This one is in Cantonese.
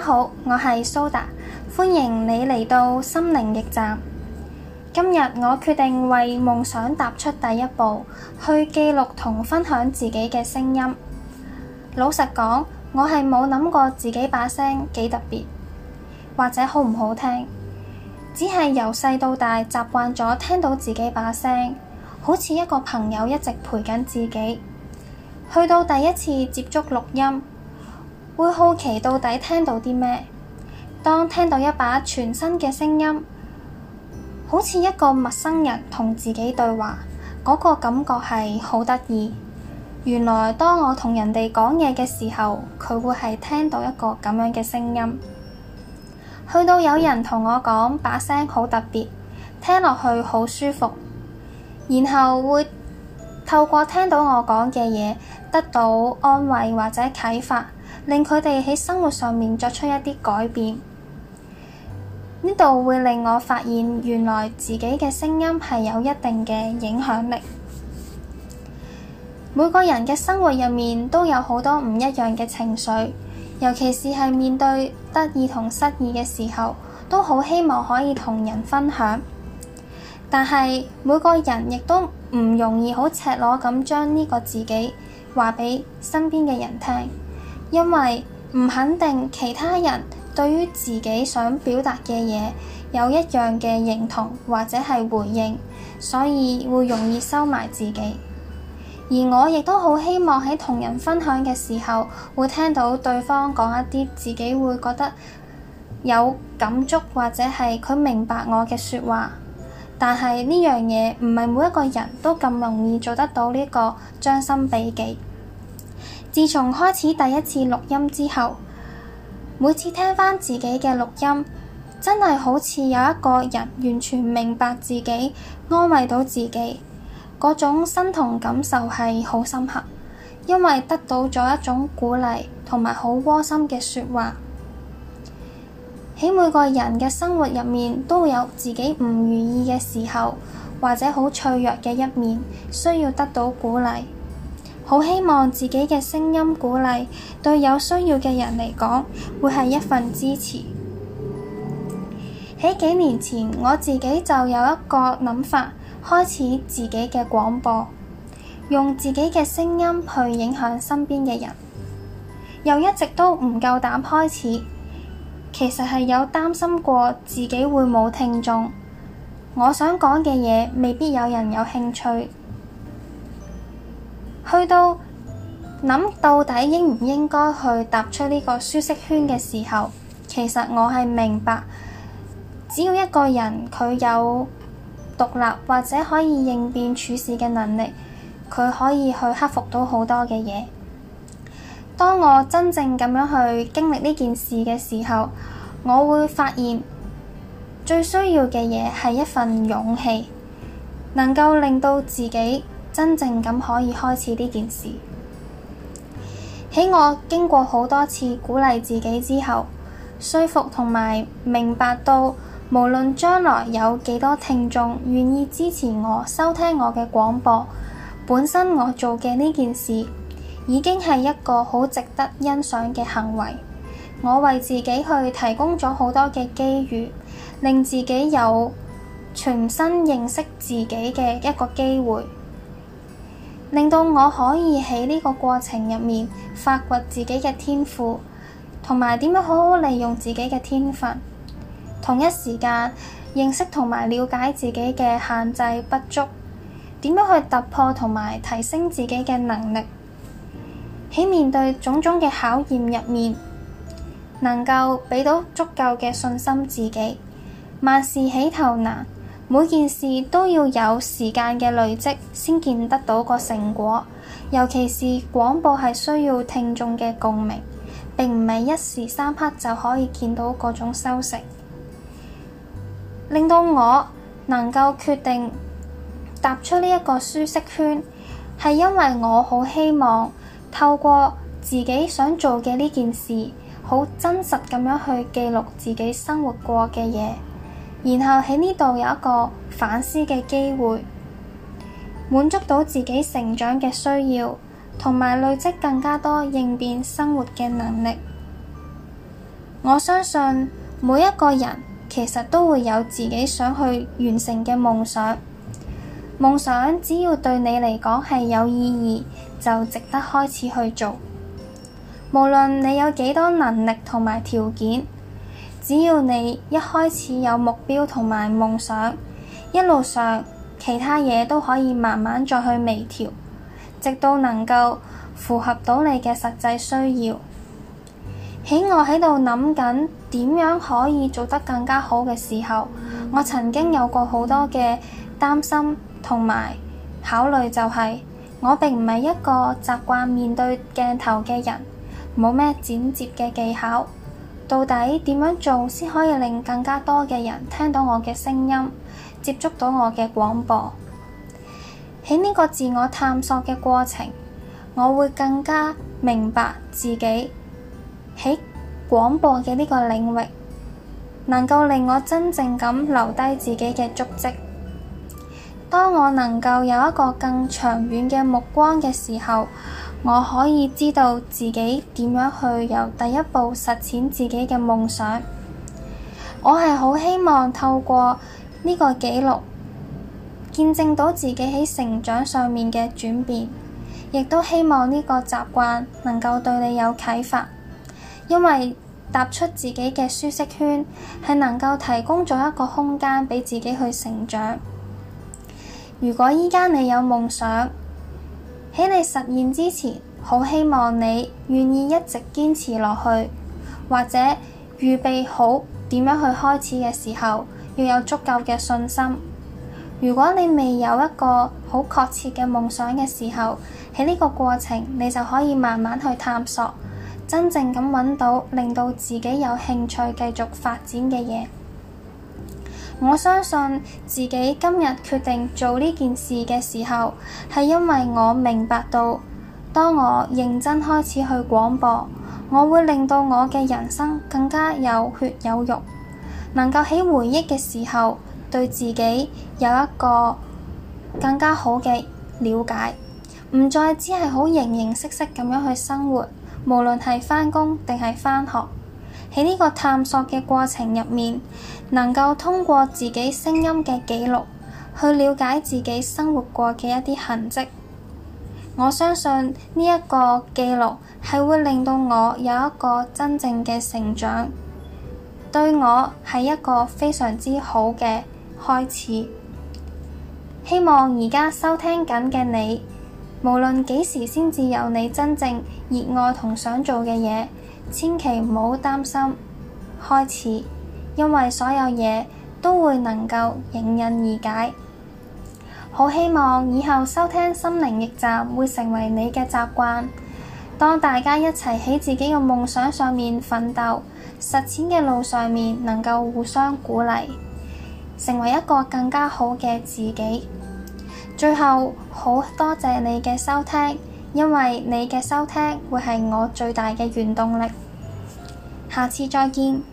大家好，我係蘇達，歡迎你嚟到心靈驛站。今日我決定為夢想踏出第一步，去記錄同分享自己嘅聲音。老實講，我係冇諗過自己把聲幾特別，或者好唔好聽，只係由細到大習慣咗聽到自己把聲，好似一個朋友一直陪緊自己。去到第一次接觸錄音。會好奇到底聽到啲咩？當聽到一把全新嘅聲音，好似一個陌生人同自己對話，嗰個感覺係好得意。原來當我同人哋講嘢嘅時候，佢會係聽到一個咁樣嘅聲音。去到有人同我講把聲好特別，聽落去好舒服，然後會透過聽到我講嘅嘢得到安慰或者啟發。令佢哋喺生活上面作出一啲改變，呢度會令我發現，原來自己嘅聲音係有一定嘅影響力。每個人嘅生活入面都有好多唔一樣嘅情緒，尤其是係面對得意同失意嘅時候，都好希望可以同人分享。但係每個人亦都唔容易好赤裸咁將呢個自己話畀身邊嘅人聽。因為唔肯定其他人對於自己想表達嘅嘢有一樣嘅認同或者係回應，所以會容易收埋自己。而我亦都好希望喺同人分享嘅時候，會聽到對方講一啲自己會覺得有感觸或者係佢明白我嘅說話。但係呢樣嘢唔係每一個人都咁容易做得到呢個將心比己。自從開始第一次錄音之後，每次聽翻自己嘅錄音，真係好似有一個人完全明白自己，安慰到自己，嗰種身同感受係好深刻，因為得到咗一種鼓勵同埋好窩心嘅說話。喺每個人嘅生活入面，都有自己唔如意嘅時候，或者好脆弱嘅一面，需要得到鼓勵。好希望自己嘅聲音鼓勵，對有需要嘅人嚟講，會係一份支持。喺幾年前，我自己就有一個諗法，開始自己嘅廣播，用自己嘅聲音去影響身邊嘅人。又一直都唔夠膽開始，其實係有擔心過自己會冇聽眾，我想講嘅嘢未必有人有興趣。去到諗到底應唔應該去踏出呢個舒適圈嘅時候，其實我係明白，只要一個人佢有獨立或者可以應變處事嘅能力，佢可以去克服到好多嘅嘢。當我真正咁樣去經歷呢件事嘅時候，我會發現，最需要嘅嘢係一份勇氣，能夠令到自己。真正咁可以開始呢件事。喺我經過好多次鼓勵自己之後，說服同埋明白到，無論將來有幾多聽眾願意支持我收聽我嘅廣播，本身我做嘅呢件事已經係一個好值得欣賞嘅行為。我為自己去提供咗好多嘅機遇，令自己有全新認識自己嘅一個機會。令到我可以喺呢個過程入面發掘自己嘅天賦，同埋點樣好好利用自己嘅天分；同一時間認識同埋了解自己嘅限制不足，點樣去突破同埋提升自己嘅能力。喺面對種種嘅考驗入面，能夠畀到足夠嘅信心自己，萬事起頭難。每件事都要有時間嘅累積先見得到個成果，尤其是廣播係需要聽眾嘅共鳴，並唔係一時三刻就可以見到各種收成。令到我能夠決定踏出呢一個舒適圈，係因為我好希望透過自己想做嘅呢件事，好真實咁樣去記錄自己生活過嘅嘢。然後喺呢度有一個反思嘅機會，滿足到自己成長嘅需要，同埋累積更加多應變生活嘅能力。我相信每一個人其實都會有自己想去完成嘅夢想。夢想只要對你嚟講係有意義，就值得開始去做，無論你有幾多能力同埋條件。只要你一開始有目標同埋夢想，一路上其他嘢都可以慢慢再去微調，直到能夠符合到你嘅實際需要。喺我喺度諗緊點樣可以做得更加好嘅時候，我曾經有過好多嘅擔心同埋考慮，就係，就係我並唔係一個習慣面對鏡頭嘅人，冇咩剪接嘅技巧。到底點樣做先可以令更加多嘅人聽到我嘅聲音，接觸到我嘅廣播？喺呢個自我探索嘅過程，我會更加明白自己喺廣播嘅呢個領域，能夠令我真正咁留低自己嘅足跡。當我能夠有一個更長遠嘅目光嘅時候，我可以知道自己點樣去由第一步實踐自己嘅夢想。我係好希望透過呢個記錄，見證到自己喺成長上面嘅轉變，亦都希望呢個習慣能夠對你有啟發，因為踏出自己嘅舒適圈，係能夠提供咗一個空間畀自己去成長。如果而家你有夢想，喺你實現之前，好希望你願意一直堅持落去，或者預備好點樣去開始嘅時候，要有足夠嘅信心。如果你未有一個好確切嘅夢想嘅時候，喺呢個過程，你就可以慢慢去探索，真正咁揾到令到自己有興趣繼續發展嘅嘢。我相信自己今日決定做呢件事嘅時候，係因為我明白到，當我認真開始去廣播，我會令到我嘅人生更加有血有肉，能夠喺回憶嘅時候，對自己有一個更加好嘅了解，唔再只係好形形色色咁樣去生活，無論係返工定係返學。喺呢個探索嘅過程入面，能夠通過自己聲音嘅記錄，去了解自己生活過嘅一啲痕跡。我相信呢一個記錄係會令到我有一個真正嘅成長，對我係一個非常之好嘅開始。希望而家收聽緊嘅你，無論幾時先至有你真正熱愛同想做嘅嘢。千祈唔好擔心，開始，因為所有嘢都會能夠迎刃而解。好希望以後收聽心靈驛站會成為你嘅習慣。當大家一齊喺自己嘅夢想上面奮鬥，實踐嘅路上面能夠互相鼓勵，成為一個更加好嘅自己。最後，好多謝你嘅收聽，因為你嘅收聽會係我最大嘅原動力。下次再見。